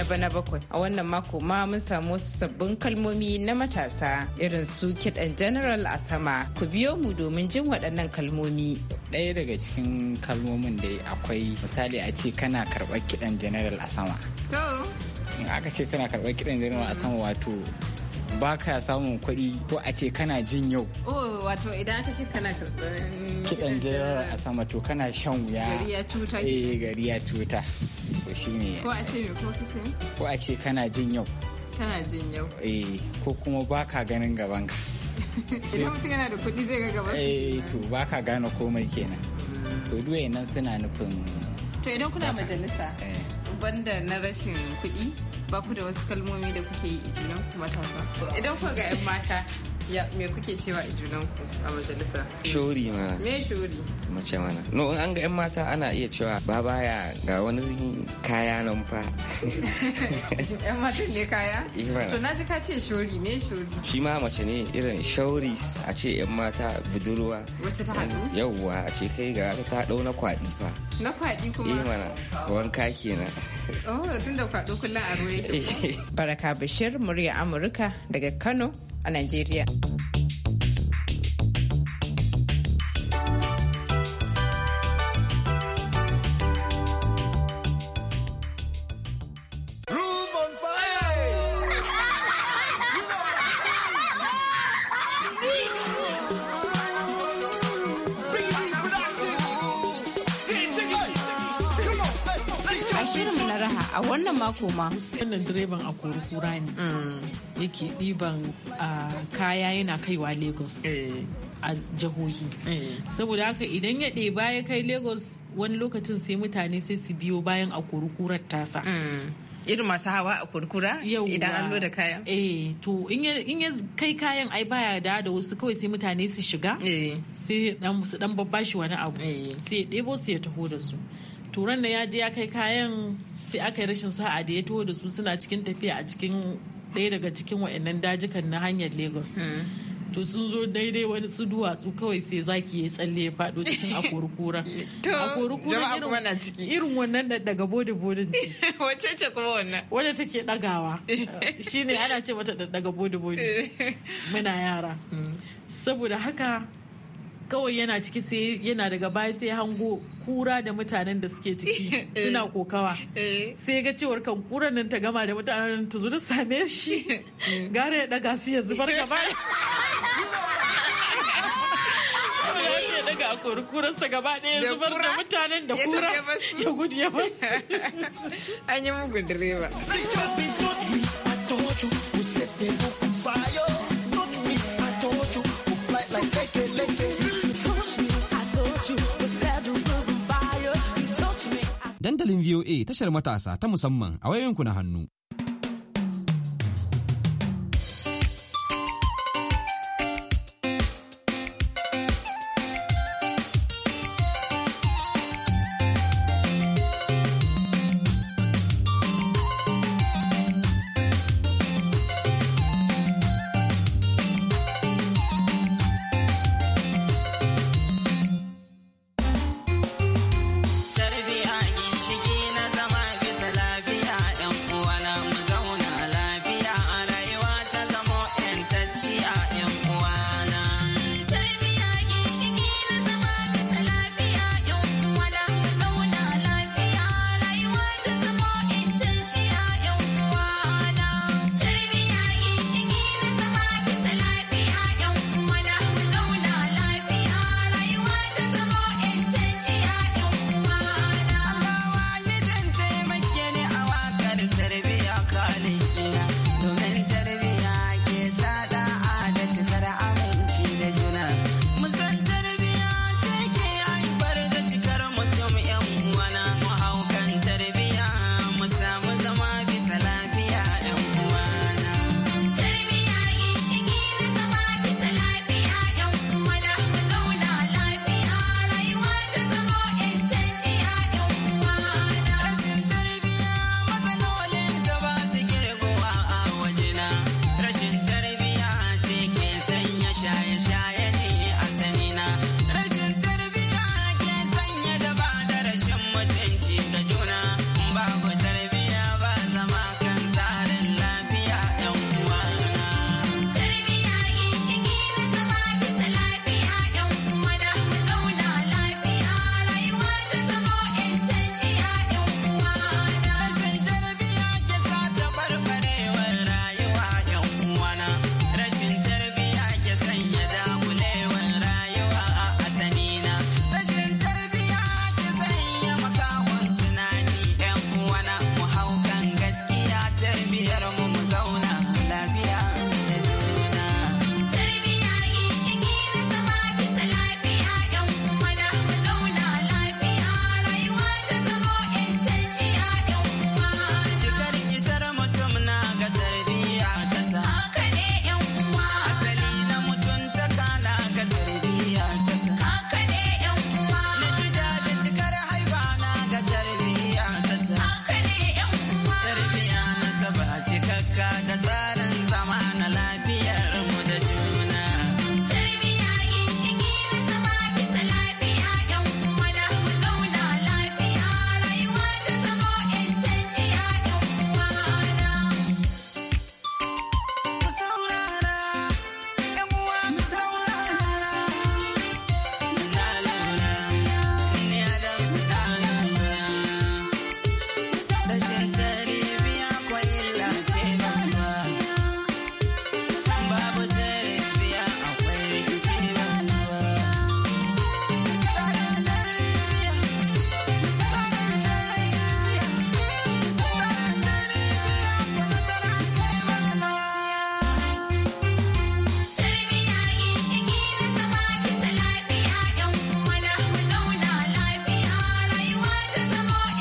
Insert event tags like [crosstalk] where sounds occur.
na bana bakwai a wannan mako ma mun samu sabbin kalmomi na matasa irin su kiɗan general a sama ku biyo mu domin jin waɗannan kalmomi ɗaya daga cikin kalmomin da akwai misali a ce kana karɓar kiɗan general a sama in aka ce kana karɓar kiɗan general a sama wato baka samun kuɗi ko a ce kana jin yau. Oh, wato idan aka ce kana karɓar kiɗan general a sama to kana shan wuya. Gari ya cuta. Eh, gari ya cuta. shi ne ko a ce me ko kike ko a ce kana jin yau kana jin yau eh ko kuma baka ganin gaban ka [laughs] idan mutum yana da kuɗi zai ga gaban eh to baka gane komai kenan to duwaye nan suna nufin to idan kuna majalisa eh. banda na rashin kuɗi ba ku da wasu kalmomi da kuke yi idan ku matasa idan ku ga 'yan mata ya me kuke cewa a junanku a majalisa shuri ma me shori? mace mana no an ga yan mata ana iya cewa ba baya ga wani kaya nan fa yan [laughs] mata ne kaya eh, to na ji ka ce shori, me shori? shi ma mace ne irin shauri a ce yan mata budurwa wacce ta haɗu yawwa a ce kai ga ta ɗau na kwaɗi fa Na kwaɗi kuma? Eh mana, wanka kenan. Oh, tun da kwaɗo kullum a ruwa yake. [laughs] Baraka Bashir, murya Amurka daga Kano a Najeriya. a wannan mako ma wannan direban a kurkura ne mm. yake ɗiban kaya yana kaiwa lagos eh. a jihohi eh. saboda haka idan ya ɗeba ya kai lagos wani lokacin sai mutane sai su biyo bayan a kurkurar tasa mm. irin masu hawa a kurkura idan an loda kayan eh to in ya kai kayan ai baya da da wasu kawai sai mutane su shiga eh. sai dan su dan babbashi wani abu sai ya ɗebo su ya taho da su turan na ya je ya kai kayan sai aka yi rashin sa'a da ya taho da su suna cikin tafiya a cikin ɗaya daga cikin wa'annan dajikan na hanyar lagos hmm. to sun zo daidai wani su duwatsu kawai sai zaki ya tsalle ya fado cikin akorukura [laughs] ciki irin wannan da daga bodi ne. wacce ce kuma wannan wadda take dagawa [laughs] shine ana ce mata daga bode bodi eh. muna yara hmm. saboda haka kawai yana ciki sai yana daga baya sai hango kura da mutanen da suke ciki [laughs] eh. suna kokawa eh. sai ga cewar kan kuran nan ta gama da mutanen ta zo same shi [laughs] eh. gara ya daga su yanzu barka gaba [laughs] daga kurkurarsa gaba ɗaya zubar da mutanen da kura ya gudu ya basu an yi mugun direba Dandalin VOA tashar matasa ta musamman a wayoyinku na hannu.